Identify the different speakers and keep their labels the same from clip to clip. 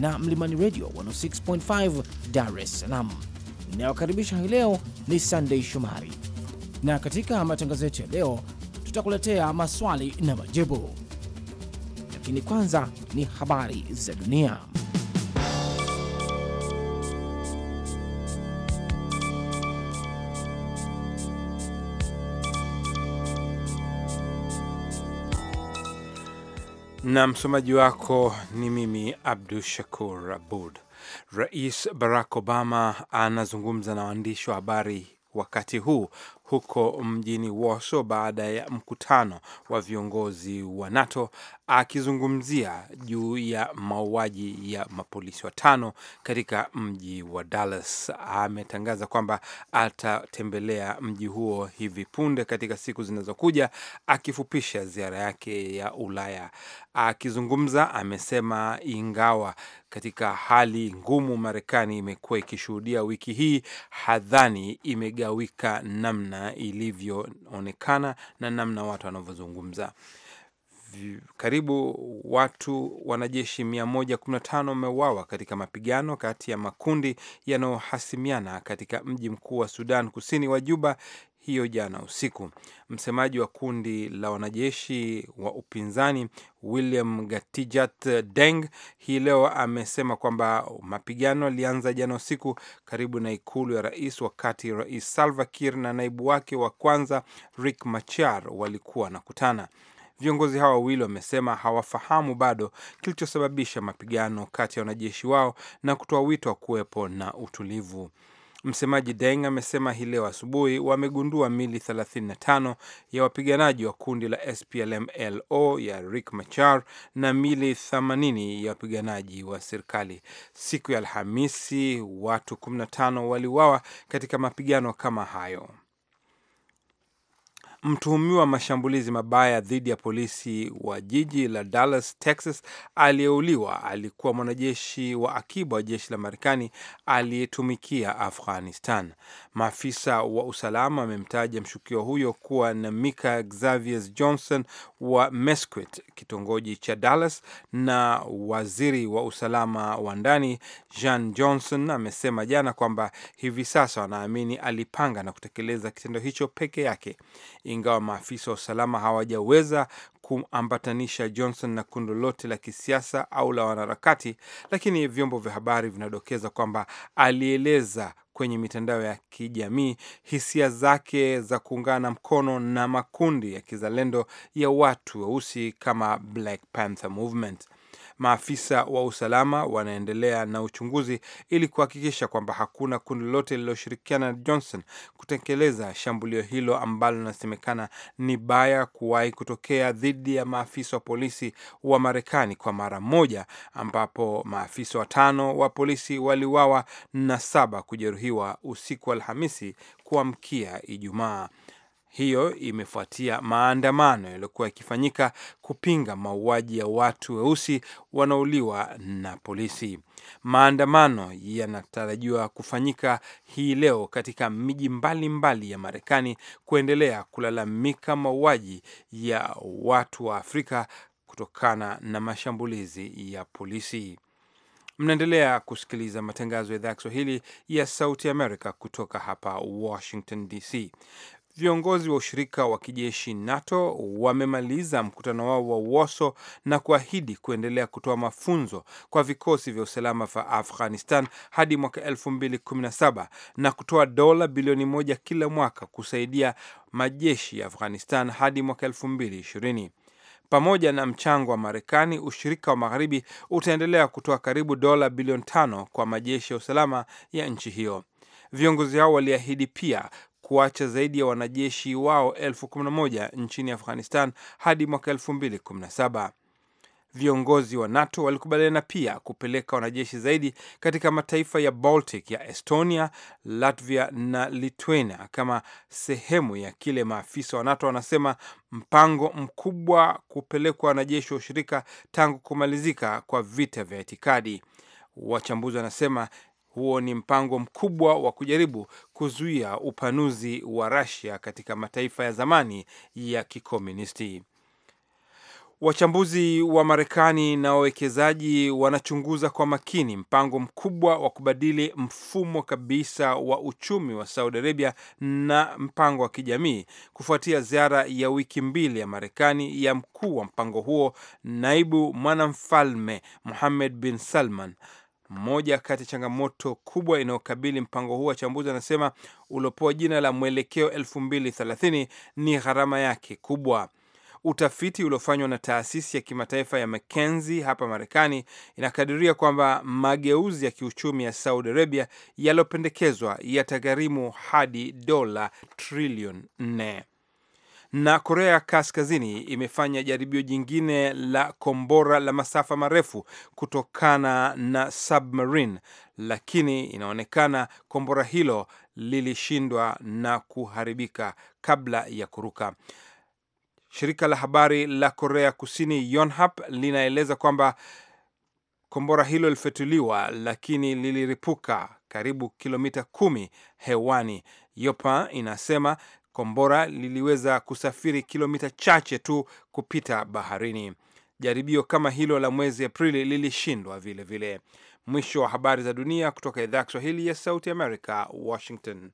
Speaker 1: na Mlimani Radio 106.5 Dar es Salaam. Inayokaribisha hii leo ni Sunday Shomari, na katika matangazo yetu ya leo tutakuletea maswali na majibu, lakini kwanza ni habari za dunia.
Speaker 2: na msomaji wako ni mimi Abdu Shakur Abud. Rais Barack Obama anazungumza na waandishi wa habari wakati huu huko mjini Warsaw baada ya mkutano wa viongozi wa NATO akizungumzia juu ya mauaji ya mapolisi watano katika mji wa Dallas. Ametangaza kwamba atatembelea mji huo hivi punde katika siku zinazokuja, akifupisha ziara yake ya Ulaya. Akizungumza amesema ingawa katika hali ngumu Marekani imekuwa ikishuhudia wiki hii, hadhani imegawika namna ilivyoonekana na namna watu wanavyozungumza. Karibu watu wanajeshi 115 wameuawa katika mapigano kati ya makundi yanayohasimiana katika mji mkuu wa Sudan Kusini wa Juba hiyo jana usiku. Msemaji wa kundi la wanajeshi wa upinzani William Gatijat Deng hii leo amesema kwamba mapigano yalianza jana usiku karibu na ikulu ya rais, wakati Rais Salva Kiir na naibu wake wa kwanza rik Machar walikuwa wanakutana. Viongozi hawa wawili wamesema hawafahamu bado kilichosababisha mapigano kati ya wanajeshi wao na kutoa wito wa kuwepo na utulivu. Msemaji Deng amesema hii leo asubuhi wamegundua mili 35 ya wapiganaji wa kundi la splmlo ya rick Machar na mili 80 ya wapiganaji wa serikali. Siku ya Alhamisi watu 15 waliuawa katika mapigano kama hayo mtuhumiwa mashambulizi mabaya dhidi ya polisi wa jiji la Dallas, Texas, aliyeuliwa alikuwa mwanajeshi wa akiba wa jeshi la Marekani aliyetumikia Afghanistan. Maafisa wa usalama wamemtaja mshukiwa huyo kuwa na Mika Xavier Johnson wa Mesquite, kitongoji cha Dallas, na waziri wa usalama wa ndani Jean Johnson amesema jana kwamba hivi sasa wanaamini alipanga na kutekeleza kitendo hicho peke yake ingawa maafisa wa usalama hawajaweza kuambatanisha Johnson na kundi lote la kisiasa au la wanaharakati, lakini vyombo vya habari vinadokeza kwamba alieleza kwenye mitandao ya kijamii hisia zake za kuungana mkono na makundi ya kizalendo ya watu weusi kama Black Panther Movement maafisa wa usalama wanaendelea na uchunguzi ili kuhakikisha kwamba hakuna kundi lolote lililoshirikiana na Johnson kutekeleza shambulio hilo ambalo linasemekana ni baya kuwahi kutokea dhidi ya maafisa wa polisi wa Marekani kwa mara moja, ambapo maafisa watano wa polisi waliuawa na saba kujeruhiwa usiku wa Alhamisi kuamkia Ijumaa. Hiyo imefuatia maandamano yaliyokuwa yakifanyika kupinga mauaji ya watu weusi wanaouliwa na polisi. Maandamano yanatarajiwa kufanyika hii leo katika miji mbalimbali ya Marekani kuendelea kulalamika mauaji ya watu wa Afrika kutokana na mashambulizi ya polisi. Mnaendelea kusikiliza matangazo ya idhaa ya Kiswahili ya Sauti Amerika kutoka hapa Washington DC. Viongozi wa ushirika wa kijeshi NATO wamemaliza mkutano wao wa Woso na kuahidi kuendelea kutoa mafunzo kwa vikosi vya usalama vya Afghanistan hadi mwaka 2017 na kutoa dola bilioni moja kila mwaka kusaidia majeshi ya Afghanistan hadi mwaka 2020. Pamoja na mchango wa Marekani, ushirika wa magharibi utaendelea kutoa karibu dola bilioni tano kwa majeshi ya usalama ya nchi hiyo. Viongozi hao waliahidi pia kuacha zaidi ya wanajeshi wao elfu kumi na moja nchini Afghanistan hadi mwaka elfu mbili kumi na saba. Viongozi wa NATO walikubaliana pia kupeleka wanajeshi zaidi katika mataifa ya Baltic ya Estonia, Latvia na Lithuania kama sehemu ya kile maafisa wa NATO wanasema mpango mkubwa kupelekwa wanajeshi wa ushirika tangu kumalizika kwa vita vya itikadi. Wachambuzi wanasema huo ni mpango mkubwa wa kujaribu kuzuia upanuzi wa Russia katika mataifa ya zamani ya kikomunisti. Wachambuzi wa Marekani na wawekezaji wanachunguza kwa makini mpango mkubwa wa kubadili mfumo kabisa wa uchumi wa Saudi Arabia na mpango wa kijamii kufuatia ziara ya wiki mbili ya Marekani ya mkuu wa mpango huo, naibu mwanamfalme muhamed bin Salman moja kati ya changamoto kubwa inayokabili mpango huu, wachambuzi wanasema, uliopewa jina la Mwelekeo 2030 ni gharama yake kubwa. Utafiti uliofanywa na taasisi ya kimataifa ya McKinsey hapa Marekani inakadiria kwamba mageuzi ya kiuchumi ya Saudi Arabia yaliyopendekezwa yatagharimu hadi dola trilioni 4. Na Korea Kaskazini imefanya jaribio jingine la kombora la masafa marefu kutokana na submarine, lakini inaonekana kombora hilo lilishindwa na kuharibika kabla ya kuruka. Shirika la habari la Korea Kusini Yonhap linaeleza kwamba kombora hilo lilifetuliwa lakini liliripuka karibu kilomita kumi hewani. Yopa inasema kombora liliweza kusafiri kilomita chache tu kupita baharini. Jaribio kama hilo la mwezi Aprili lilishindwa vilevile Mwisho wa habari za dunia kutoka idhaa ya Kiswahili ya Sauti Amerika, Washington.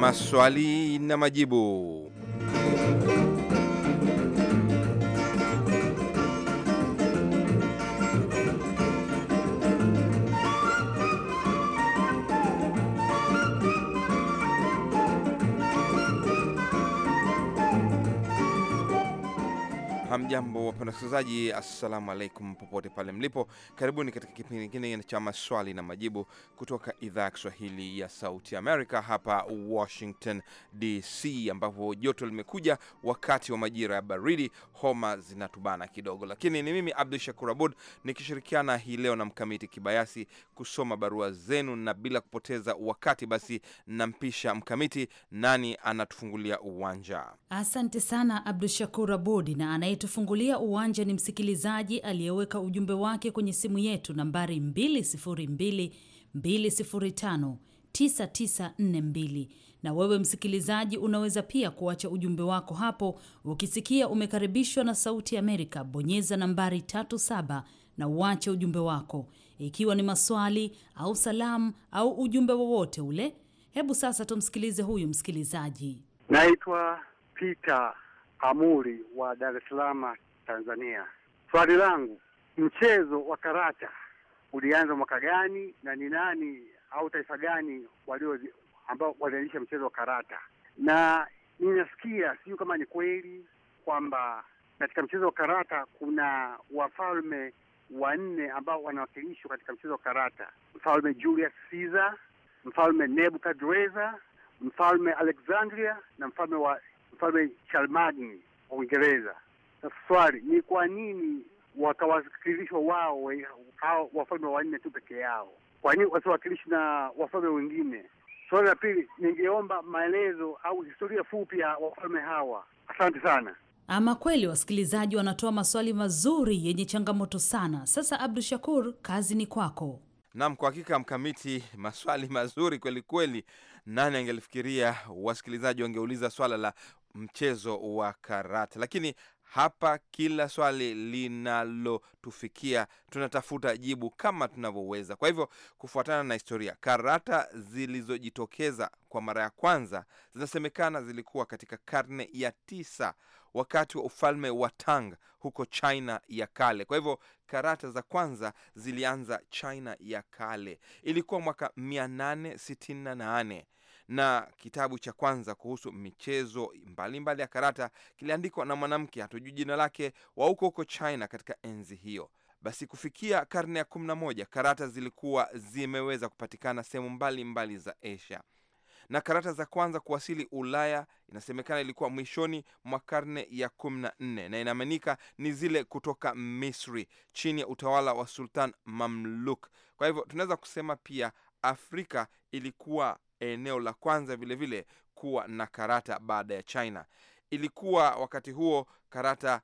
Speaker 2: Maswali na majibu. Hamjambo wapenda wasikilizaji, assalamu alaikum popote pale mlipo. Karibuni katika kipindi kingine cha maswali na majibu kutoka idhaa ya Kiswahili ya Sauti Amerika hapa Washington DC, ambapo joto limekuja wakati wa majira ya baridi, homa zinatubana kidogo, lakini ni mimi Abdu Shakur Abud nikishirikiana hii leo na Mkamiti Kibayasi kusoma barua zenu, na bila kupoteza wakati basi nampisha Mkamiti, nani anatufungulia uwanja.
Speaker 3: Asante sana Abdu Shakur Abud na anayetufungulia uwanja ni msikilizaji aliyeweka ujumbe wake kwenye simu yetu nambari 202 Na wewe msikilizaji, unaweza pia kuacha ujumbe wako hapo. Ukisikia umekaribishwa na Sauti Amerika, bonyeza nambari 37 na uache ujumbe wako, ikiwa ni maswali au salamu au ujumbe wowote ule. Hebu sasa tumsikilize huyu msikilizaji.
Speaker 4: Naitwa Peter Amuri wa Dar es Salaam, Tanzania. Swali langu, mchezo wa karata ulianza mwaka gani na ni nani au taifa gani walio ambao walianzisha mchezo wa karata? Na ninasikia sijui kama ni kweli kwamba katika mchezo wa karata kuna wafalme wanne ambao wanawakilishwa katika mchezo wa karata: mfalme Julius Caesar, mfalme Nebukadreza, mfalme Alexandria na mfalme wa mfalme Chalmani Uingereza. Sasa swali ni kwa nini wakawakilishwa wao hao wafalme wanne tu peke yao? Kwa nini wasiwakilishi na wafalme wengine? Swali la pili, ningeomba maelezo au historia fupi ya wafalme hawa. Asante sana.
Speaker 3: Ama kweli wasikilizaji wanatoa maswali mazuri yenye changamoto sana. Sasa Abdu Shakur, kazi ni kwako.
Speaker 2: Naam, kwa hakika Mkamiti, maswali mazuri kweli kweli. Nani angelifikiria wasikilizaji wangeuliza swala la mchezo wa karate? Lakini hapa kila swali linalotufikia tunatafuta jibu kama tunavyoweza. Kwa hivyo, kufuatana na historia, karata zilizojitokeza kwa mara ya kwanza zinasemekana zilikuwa katika karne ya tisa wakati wa ufalme wa Tang huko China ya kale. Kwa hivyo karata za kwanza zilianza China ya kale, ilikuwa mwaka 868 na kitabu cha kwanza kuhusu michezo mbalimbali mbali ya karata kiliandikwa na mwanamke, hatujui jina lake, wa huko huko China katika enzi hiyo. Basi kufikia karne ya 11 karata zilikuwa zimeweza kupatikana sehemu mbalimbali za Asia na karata za kwanza kuwasili Ulaya inasemekana ilikuwa mwishoni mwa karne ya kumi na nne na inaaminika ni zile kutoka Misri chini ya utawala wa Sultan Mamluk. Kwa hivyo tunaweza kusema pia Afrika ilikuwa eneo la kwanza vilevile vile kuwa na karata baada ya China. Ilikuwa wakati huo karata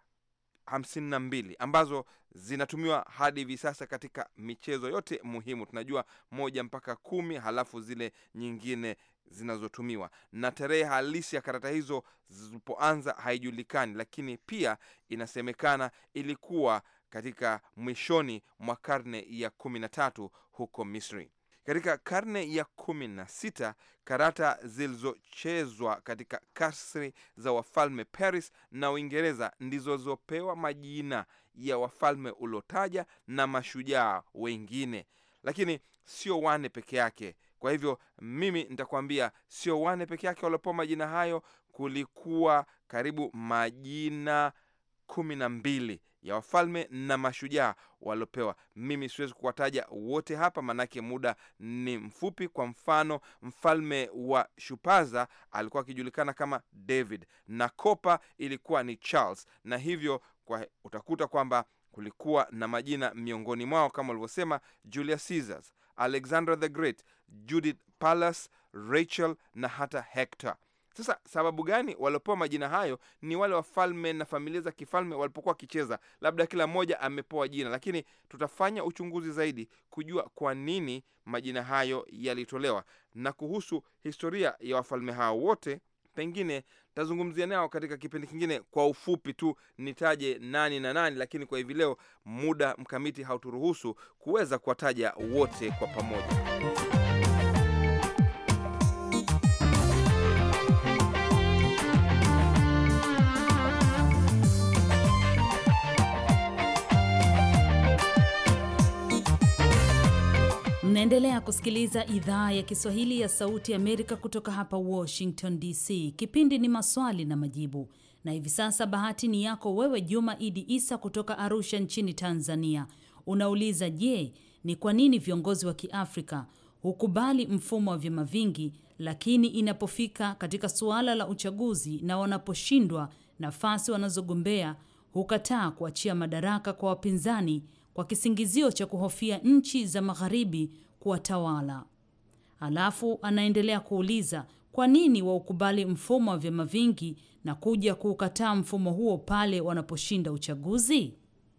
Speaker 2: hamsini na mbili ambazo zinatumiwa hadi hivi sasa katika michezo yote muhimu. Tunajua moja mpaka kumi, halafu zile nyingine zinazotumiwa na tarehe halisi ya karata hizo zilipoanza haijulikani, lakini pia inasemekana ilikuwa katika mwishoni mwa karne ya kumi na tatu huko Misri. Katika karne ya kumi na sita karata zilizochezwa katika kasri za wafalme Paris na Uingereza ndizo zilizopewa majina ya wafalme uliotaja na mashujaa wengine, lakini sio wane peke yake. Kwa hivyo mimi nitakwambia sio wane peke yake waliopewa majina hayo, kulikuwa karibu majina kumi na mbili ya wafalme na mashujaa waliopewa. Mimi siwezi kuwataja wote hapa, manake muda ni mfupi. Kwa mfano, mfalme wa Shupaza alikuwa akijulikana kama David na Kopa ilikuwa ni Charles, na hivyo kwa utakuta kwamba kulikuwa na majina miongoni mwao kama walivyosema Julius Caesar, Alexander the Great, Judith Palas, Rachel na hata Hector. Sasa sababu gani waliopewa majina hayo? Ni wale wafalme na familia za kifalme walipokuwa wakicheza, labda kila mmoja amepewa jina, lakini tutafanya uchunguzi zaidi kujua kwa nini majina hayo yalitolewa, na kuhusu historia ya wafalme hao wote, pengine tazungumzia nao katika kipindi kingine. Kwa ufupi tu nitaje nani na nani, lakini kwa hivi leo muda mkamiti hauturuhusu kuweza kuwataja wote kwa pamoja.
Speaker 3: Unaendelea kusikiliza idhaa ya Kiswahili ya Sauti Amerika kutoka hapa Washington DC. Kipindi ni maswali na majibu, na hivi sasa bahati ni yako wewe, Juma Idi Isa kutoka Arusha nchini Tanzania. Unauliza, je, ni kwa nini viongozi wa Kiafrika hukubali mfumo wa vyama vingi, lakini inapofika katika suala la uchaguzi na wanaposhindwa nafasi wanazogombea hukataa kuachia madaraka kwa wapinzani kwa kisingizio cha kuhofia nchi za magharibi kuwatawala. Alafu anaendelea kuuliza kwa nini waukubali mfumo wa vyama vingi na kuja kuukataa mfumo huo pale wanaposhinda uchaguzi?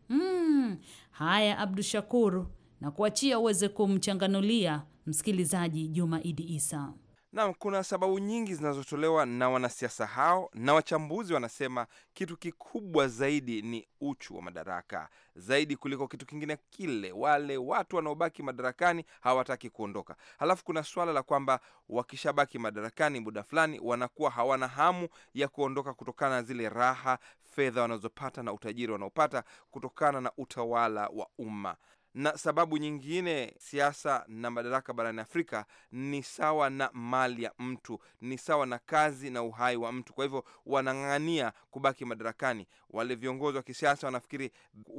Speaker 3: Mm, haya Abdu Shakur, na kuachia uweze kumchanganulia msikilizaji Juma Idi Isa.
Speaker 2: Naam, kuna sababu nyingi zinazotolewa na wanasiasa hao, na wachambuzi wanasema kitu kikubwa zaidi ni uchu wa madaraka zaidi kuliko kitu kingine kile. Wale watu wanaobaki madarakani hawataki kuondoka. Halafu kuna swala la kwamba wakishabaki madarakani muda fulani, wanakuwa hawana hamu ya kuondoka kutokana na zile raha, fedha wanazopata na utajiri wanaopata kutokana na utawala wa umma. Na sababu nyingine, siasa na madaraka barani Afrika ni sawa na mali ya mtu, ni sawa na kazi na uhai wa mtu. Kwa hivyo wanang'ang'ania kubaki madarakani. Wale viongozi wa kisiasa wanafikiri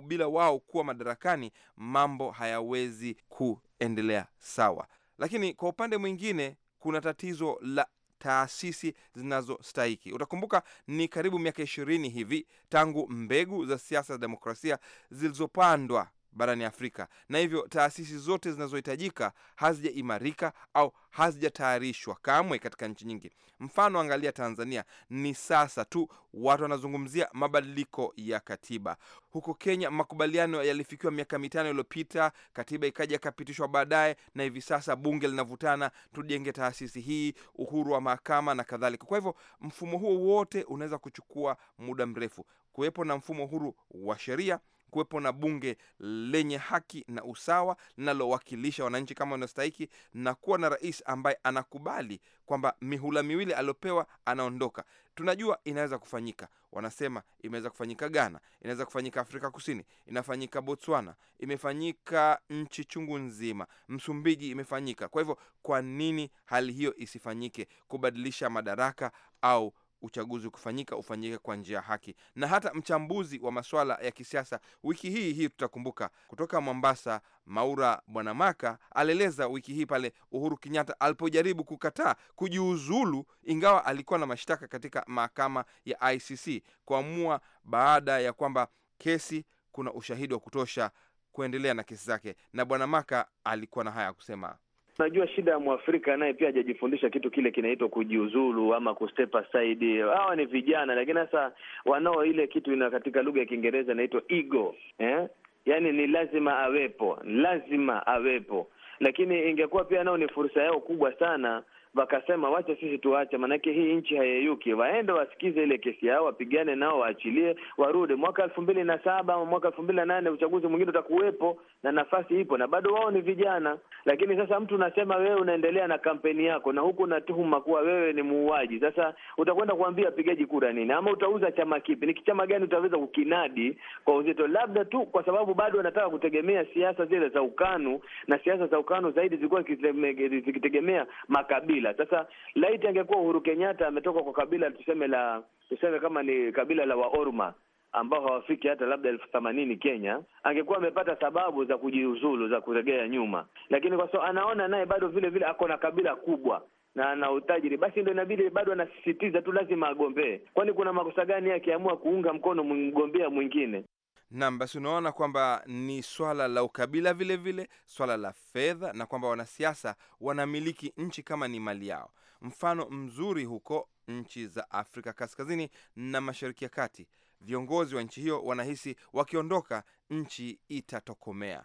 Speaker 2: bila wao kuwa madarakani mambo hayawezi kuendelea sawa. Lakini kwa upande mwingine, kuna tatizo la taasisi zinazostahiki. Utakumbuka ni karibu miaka ishirini hivi tangu mbegu za siasa za demokrasia zilizopandwa barani Afrika, na hivyo taasisi zote zinazohitajika hazijaimarika au hazijatayarishwa kamwe katika nchi nyingi. Mfano, angalia Tanzania, ni sasa tu watu wanazungumzia mabadiliko ya katiba. Huko Kenya makubaliano yalifikiwa miaka mitano iliyopita, katiba ikaja ikapitishwa baadaye, na hivi sasa bunge linavutana, tujenge taasisi hii, uhuru wa mahakama na kadhalika. Kwa hivyo mfumo huo wote unaweza kuchukua muda mrefu. Kuwepo na mfumo huru wa sheria kuwepo na bunge lenye haki na usawa linalowakilisha wananchi kama wanaostahiki, na kuwa na rais ambaye anakubali kwamba mihula miwili aliopewa anaondoka. Tunajua inaweza kufanyika, wanasema imeweza kufanyika Ghana, inaweza kufanyika Afrika Kusini, inafanyika Botswana, imefanyika nchi chungu nzima, Msumbiji imefanyika. Kwa hivyo, kwa nini hali hiyo isifanyike, kubadilisha madaraka au uchaguzi kufanyika ufanyike kwa njia ya haki. Na hata mchambuzi wa masuala ya kisiasa wiki hii hii tutakumbuka, kutoka Mombasa, Maura Bwanamaka alieleza wiki hii pale Uhuru Kenyatta alipojaribu kukataa kujiuzulu, ingawa alikuwa na mashtaka katika mahakama ya ICC, kuamua baada ya kwamba kesi kuna ushahidi wa kutosha kuendelea na kesi zake, na bwanamaka alikuwa na haya ya kusema.
Speaker 4: Najua shida ya Mwafrika naye pia hajajifundisha kitu kile kinaitwa kujiuzulu ama kustep aside. Hawa ni vijana, lakini sasa wanao ile kitu ina katika lugha ya Kiingereza inaitwa ego eh? Yani ni lazima awepo, lazima awepo, lakini ingekuwa pia nao ni fursa yao kubwa sana wakasema wacha sisi tuache, maanake hii nchi hayeyuki. Waende wasikize ile kesi yao, wapigane nao, waachilie, warudi. Mwaka elfu mbili na saba ama mwaka elfu mbili na nane uchaguzi mwingine utakuwepo, na nafasi ipo, na bado wao ni vijana. Lakini sasa mtu unasema wewe unaendelea na kampeni yako, na huku unatuhuma kuwa wewe ni muuaji. Sasa utakwenda kuambia pigaji kura nini? Ama utauza chama kipi? Ni kichama gani utaweza kukinadi kwa uzito? Labda tu kwa sababu bado wanataka kutegemea siasa zile za ukanu, na siasa za ukanu zaidi zilikuwa zikitegemea makabila kabila. Sasa laiti angekuwa Uhuru Kenyatta ametoka kwa kabila tuseme la tuseme kama ni kabila la Waorma ambao hawafiki hata labda elfu themanini Kenya, angekuwa amepata sababu za kujiuzulu za kuregea nyuma, lakini kwa sababu anaona naye bado vile vile ako na kabila kubwa na ana utajiri, basi ndo inabidi bado anasisitiza tu lazima agombee. Kwani kuna makosa gani akiamua kuunga mkono mgombea mwingine?
Speaker 2: Naam, basi unaona kwamba ni swala la ukabila vile vile, swala la fedha, na kwamba wanasiasa wanamiliki nchi kama ni mali yao. Mfano mzuri huko nchi za Afrika Kaskazini na Mashariki ya Kati, viongozi wa nchi hiyo wanahisi wakiondoka nchi itatokomea.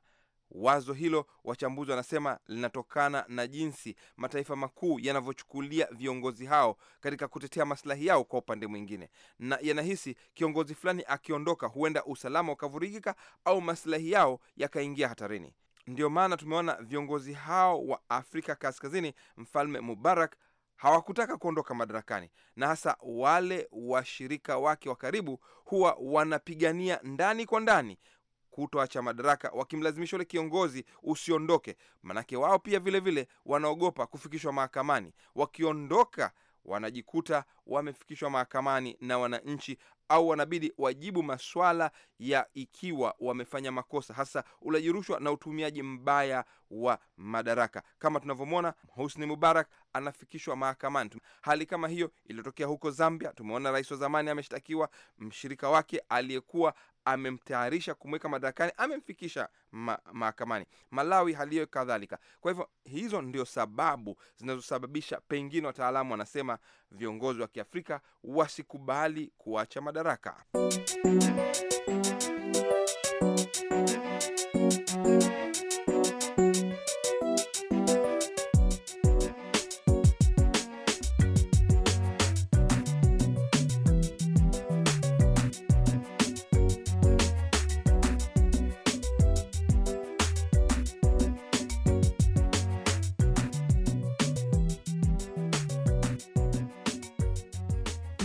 Speaker 2: Wazo hilo wachambuzi wanasema linatokana na jinsi mataifa makuu yanavyochukulia viongozi hao katika kutetea maslahi yao kwa upande mwingine, na yanahisi kiongozi fulani akiondoka, huenda usalama ukavurugika au maslahi yao yakaingia hatarini. ndio maana tumeona viongozi hao wa Afrika Kaskazini, Mfalme Mubarak hawakutaka kuondoka madarakani, na hasa wale washirika wake wa karibu huwa wanapigania ndani kwa ndani kutoacha madaraka, wakimlazimisha ule kiongozi usiondoke. Manake wao pia vilevile vile wanaogopa kufikishwa mahakamani. Wakiondoka wanajikuta wamefikishwa mahakamani na wananchi, au wanabidi wajibu maswala ya ikiwa wamefanya makosa, hasa ulaji rushwa na utumiaji mbaya wa madaraka. Kama tunavyomwona Husni Mubarak anafikishwa mahakamani. Hali kama hiyo iliyotokea huko Zambia, tumeona rais wa zamani ameshtakiwa, mshirika wake aliyekuwa amemtayarisha kumweka madarakani, amemfikisha mahakamani. Malawi haliyo kadhalika. Kwa hivyo hizo ndio sababu zinazosababisha pengine, wataalamu wanasema viongozi wa Kiafrika wasikubali kuacha madaraka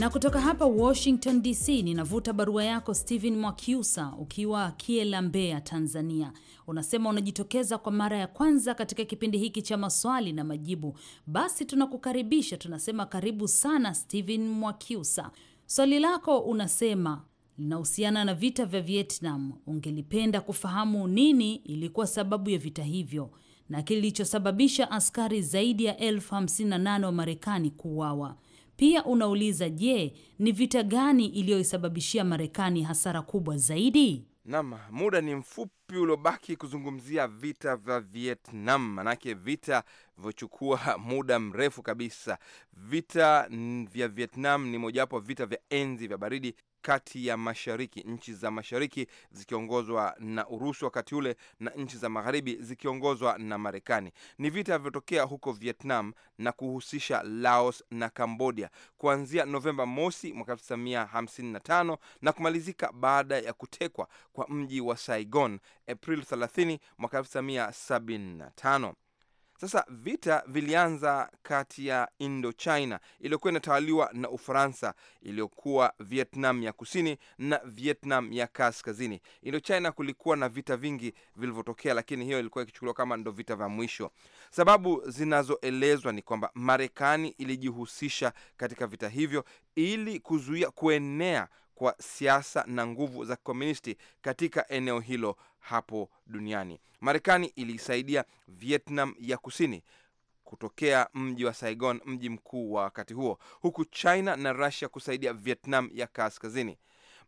Speaker 3: Na kutoka hapa Washington DC ninavuta barua yako stephen Mwakiusa ukiwa Kiela, Mbeya, Tanzania. Unasema unajitokeza kwa mara ya kwanza katika kipindi hiki cha maswali na majibu. Basi tunakukaribisha, tunasema karibu sana Stephen Mwakiusa. Swali lako unasema linahusiana na vita vya Vietnam. Ungelipenda kufahamu nini ilikuwa sababu ya vita hivyo na kilichosababisha askari zaidi ya elfu wa Marekani kuuawa. Pia unauliza je, ni vita gani iliyoisababishia Marekani hasara kubwa zaidi?
Speaker 2: Naam, muda ni mfupi uliobaki kuzungumzia vita vya Vietnam, manake vita vilivyochukua muda mrefu kabisa. Vita vya Vietnam ni mojawapo vita vya enzi vya baridi kati ya mashariki, nchi za mashariki zikiongozwa na Urusi wakati ule na nchi za magharibi zikiongozwa na Marekani. Ni vita vilivyotokea huko Vietnam na kuhusisha Laos na Cambodia kuanzia Novemba mosi mwaka 1955 na kumalizika baada ya kutekwa kwa mji wa Saigon April 30 mwaka 1975. Sasa vita vilianza kati ya Indochina iliyokuwa inatawaliwa na Ufaransa, iliyokuwa Vietnam ya kusini na Vietnam ya kaskazini. Indochina kulikuwa na vita vingi vilivyotokea, lakini hiyo ilikuwa ikichukuliwa kama ndo vita vya mwisho. Sababu zinazoelezwa ni kwamba Marekani ilijihusisha katika vita hivyo ili kuzuia kuenea kwa siasa na nguvu za kikomunisti katika eneo hilo hapo duniani. Marekani iliisaidia Vietnam ya Kusini kutokea mji wa Saigon, mji mkuu wa wakati huo, huku China na Russia kusaidia Vietnam ya Kaskazini.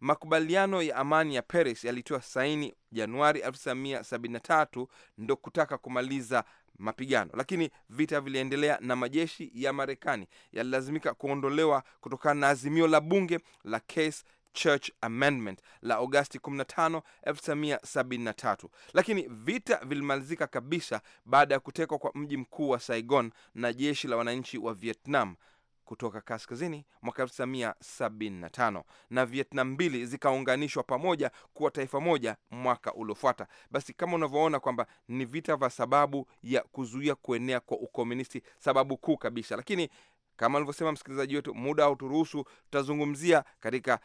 Speaker 2: Makubaliano ya amani ya Paris yalitiwa saini Januari 1973 ndo kutaka kumaliza mapigano, lakini vita viliendelea na majeshi ya Marekani yalilazimika kuondolewa kutokana na azimio la bunge la Case Church Amendment la Agosti 15, 1973, lakini vita vilimalizika kabisa baada ya kutekwa kwa mji mkuu wa Saigon na jeshi la wananchi wa Vietnam kutoka kaskazini mwaka 1975 na Vietnam mbili zikaunganishwa pamoja kuwa taifa moja mwaka uliofuata. Basi kama unavyoona kwamba ni vita vya sababu ya kuzuia kuenea kwa ukomunisti, sababu kuu kabisa. Lakini kama alivyosema msikilizaji wetu, muda hauturuhusu, tutazungumzia katika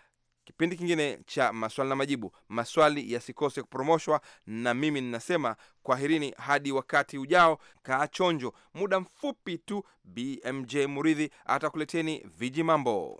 Speaker 2: Kipindi kingine cha maswali na majibu, maswali yasikose kupromoshwa, na mimi ninasema kwaherini hadi wakati ujao. Kaa chonjo, muda mfupi tu BMJ Muridhi atakuleteni viji mambo.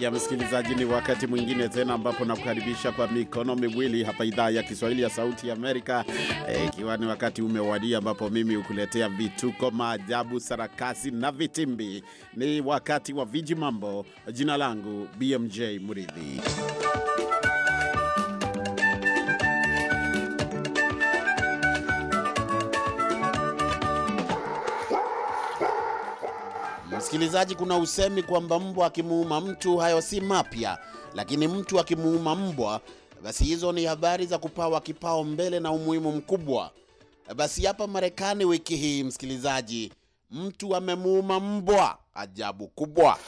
Speaker 5: ya msikilizaji, ni wakati mwingine tena ambapo nakukaribisha kwa mikono miwili hapa idhaa ya Kiswahili ya Sauti ya Amerika, ikiwa e, ni wakati umewadia ambapo mimi hukuletea vituko, maajabu, sarakasi na vitimbi. Ni wakati wa viji mambo. Jina langu BMJ Muridhi. Msikilizaji, kuna usemi kwamba mbwa akimuuma mtu hayo si mapya, lakini mtu akimuuma mbwa, basi hizo ni habari za kupawa kipao mbele na umuhimu mkubwa. Basi hapa Marekani wiki hii, msikilizaji, mtu amemuuma mbwa, ajabu kubwa.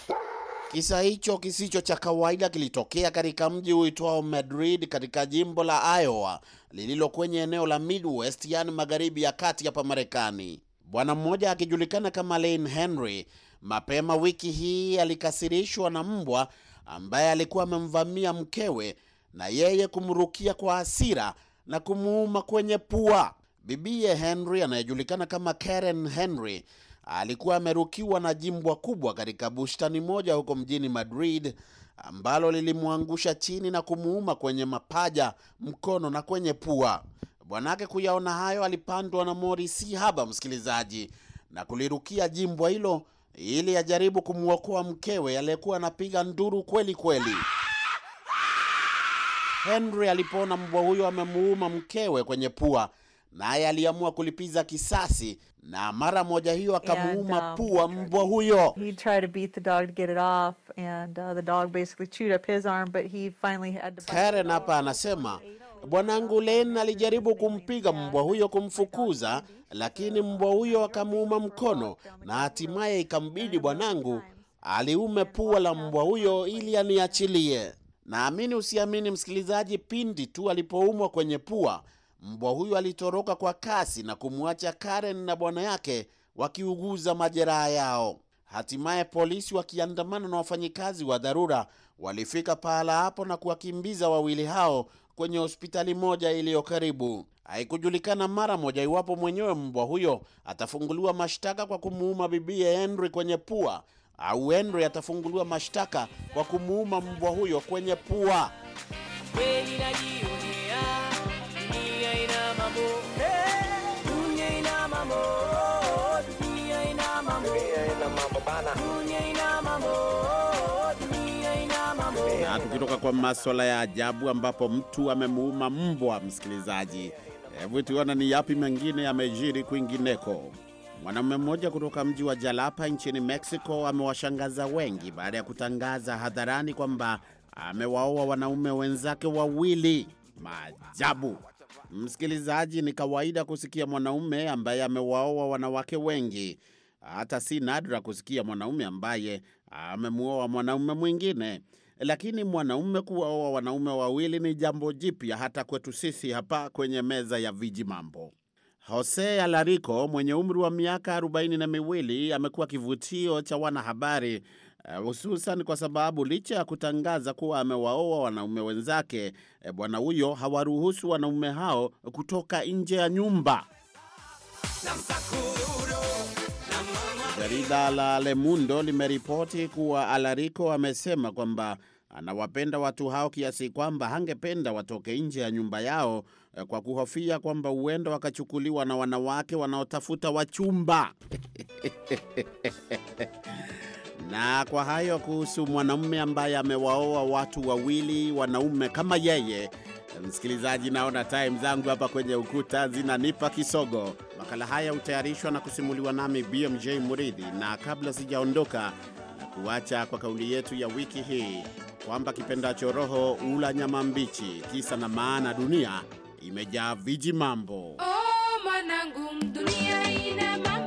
Speaker 5: Kisa hicho kisicho cha kawaida kilitokea katika mji uitwao Madrid katika jimbo la Iowa lililo kwenye eneo la Midwest, yani magharibi ya kati hapa Marekani. Bwana mmoja akijulikana kama Lane Henry mapema wiki hii alikasirishwa na mbwa ambaye alikuwa amemvamia mkewe na yeye kumrukia kwa hasira na kumuuma kwenye pua. Bibiye Henry anayejulikana kama Karen Henry alikuwa amerukiwa na jimbwa kubwa katika bustani moja huko mjini Madrid ambalo lilimwangusha chini na kumuuma kwenye mapaja, mkono na kwenye pua. Bwanake kuyaona hayo alipandwa na mori si haba, msikilizaji, na kulirukia jimbwa hilo ili ajaribu kumwokoa mkewe aliyekuwa anapiga nduru kweli kweli. Henry alipoona mbwa huyo amemuuma mkewe kwenye pua, naye aliamua kulipiza kisasi, na mara moja hiyo akamuuma um, pua mbwa huyo. Uh, Karen hapa anasema, bwanangu Len alijaribu kumpiga mbwa huyo kumfukuza lakini mbwa huyo akamuuma mkono na hatimaye ikambidi bwanangu aliume pua la mbwa huyo ili aniachilie. Naamini usiamini, msikilizaji, pindi tu alipoumwa kwenye pua, mbwa huyo alitoroka kwa kasi na kumwacha Karen na bwana yake wakiuguza majeraha yao. Hatimaye polisi wakiandamana na wafanyikazi wa dharura walifika pahala hapo na kuwakimbiza wawili hao kwenye hospitali moja iliyo karibu. Haikujulikana mara moja iwapo mwenyewe mbwa huyo atafunguliwa mashtaka kwa kumuuma bibie Henry kwenye pua au Henry atafunguliwa mashtaka kwa kumuuma mbwa huyo kwenye pua. Na tukitoka kwa maswala ya ajabu ambapo mtu amemuuma mbwa, msikilizaji Hebu tuona ni yapi mengine yamejiri kwingineko. Mwanamume mmoja kutoka mji wa Jalapa nchini Mexico amewashangaza wengi baada ya kutangaza hadharani kwamba amewaoa wanaume wenzake wawili. Maajabu! Msikilizaji, ni kawaida kusikia mwanaume ambaye amewaoa wanawake wengi. Hata si nadra kusikia mwanaume ambaye amemwoa mwanaume mwingine lakini mwanaume kuwaoa wanaume wawili ni jambo jipya hata kwetu sisi hapa kwenye meza ya viji mambo. Jose Alariko mwenye umri wa miaka arobaini na miwili amekuwa kivutio cha wanahabari eh, hususan uh, kwa sababu licha ya kutangaza kuwa amewaoa wanaume wenzake e, bwana huyo hawaruhusu wanaume hao kutoka nje ya nyumba. Jarida la Le Mundo limeripoti kuwa Alariko amesema kwamba anawapenda watu hao kiasi kwamba hangependa watoke nje ya nyumba yao eh, kwa kuhofia kwamba huenda wakachukuliwa na wanawake wanaotafuta wachumba. Na kwa hayo kuhusu mwanaume ambaye amewaoa watu wawili wanaume kama yeye Msikilizaji, naona time zangu hapa kwenye ukuta zinanipa kisogo. Makala haya hutayarishwa na kusimuliwa nami BMJ Muridhi, na kabla sijaondoka na kuacha kwa kauli yetu ya wiki hii kwamba kipendacho roho ula nyama mbichi, kisa na maana dunia imejaa viji mambo.
Speaker 6: Oh, mwanangu, dunia ina mambo.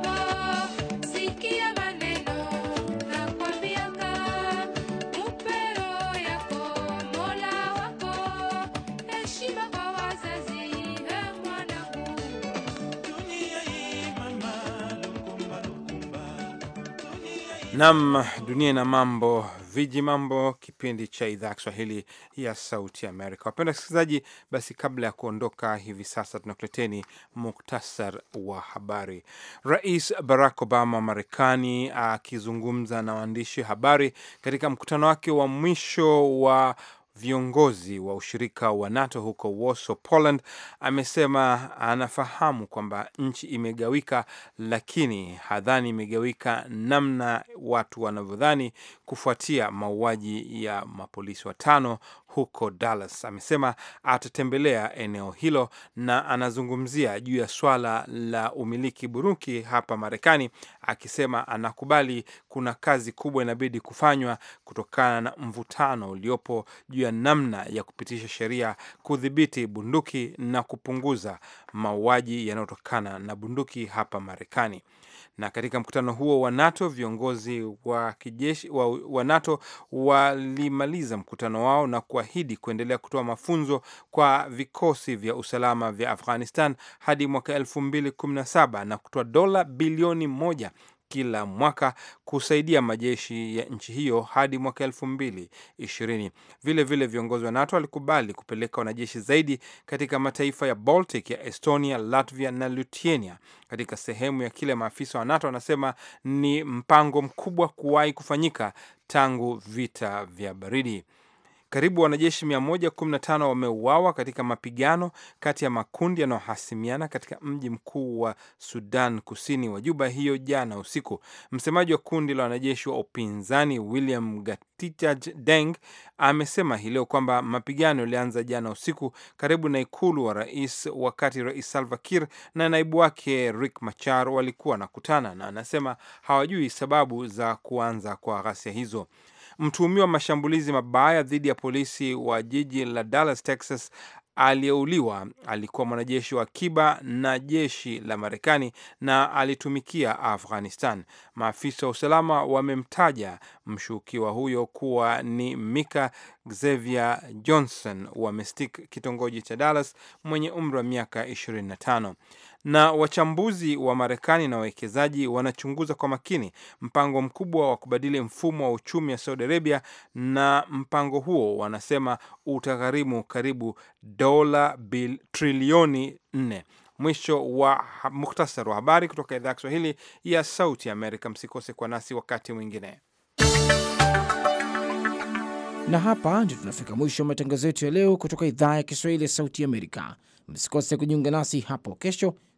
Speaker 2: Nam dunia ina mambo viji mambo, kipindi cha idhaa ya Kiswahili ya Sauti Amerika. Wapenda wasikilizaji, basi kabla ya kuondoka hivi sasa, tunakuleteni muktasar wa habari. Rais Barack Obama wa Marekani akizungumza na waandishi habari katika mkutano wake wa mwisho wa viongozi wa ushirika wa NATO huko Warsaw, Poland, amesema anafahamu kwamba nchi imegawika, lakini hadhani imegawika namna watu wanavyodhani kufuatia mauaji ya mapolisi watano huko Dallas. Amesema atatembelea eneo hilo na anazungumzia juu ya swala la umiliki bunduki hapa Marekani, akisema anakubali kuna kazi kubwa inabidi kufanywa kutokana na mvutano uliopo juu ya namna ya kupitisha sheria kudhibiti bunduki na kupunguza mauaji yanayotokana na bunduki hapa Marekani. Na katika mkutano huo wa NATO viongozi wa kijeshi wa, wa NATO walimaliza mkutano wao na kuahidi kuendelea kutoa mafunzo kwa vikosi vya usalama vya Afghanistan hadi mwaka 2017 na kutoa dola bilioni moja kila mwaka kusaidia majeshi ya nchi hiyo hadi mwaka elfu mbili ishirini. Vile vile viongozi wa NATO walikubali kupeleka wanajeshi zaidi katika mataifa ya Baltic ya Estonia, Latvia na Lithuania katika sehemu ya kile maafisa wa NATO wanasema ni mpango mkubwa kuwahi kufanyika tangu vita vya baridi. Karibu wanajeshi 115 wameuawa katika mapigano kati ya makundi yanayohasimiana katika mji mkuu wa Sudan Kusini wa Juba hiyo jana usiku. Msemaji wa kundi la wanajeshi wa upinzani William Gatitjah Deng amesema hii leo kwamba mapigano yalianza jana usiku karibu na ikulu wa rais, wakati Rais Salva Kiir na naibu wake Riek Machar walikuwa wanakutana, na anasema hawajui sababu za kuanza kwa ghasia hizo mtuhumiwa mashambulizi mabaya dhidi ya polisi wa jiji la Dallas, Texas aliyeuliwa alikuwa mwanajeshi wa akiba na jeshi la Marekani na alitumikia Afghanistan. Maafisa wa usalama wamemtaja mshukiwa huyo kuwa ni Mika Xavier Johnson wa Mestic, kitongoji cha Dallas, mwenye umri wa miaka 25 na wachambuzi wa Marekani na wawekezaji wanachunguza kwa makini mpango mkubwa wa kubadili mfumo wa uchumi wa Saudi Arabia, na mpango huo wanasema utagharimu karibu dola trilioni nne. Mwisho wa muhtasari wa habari kutoka idhaa ya Kiswahili ya Sauti Amerika. Msikose kwa nasi wakati mwingine.
Speaker 1: Na hapa ndio tunafika mwisho wa matangazo yetu ya leo kutoka idhaa ya Kiswahili ya Sauti Amerika. Msikose kujiunga nasi hapo kesho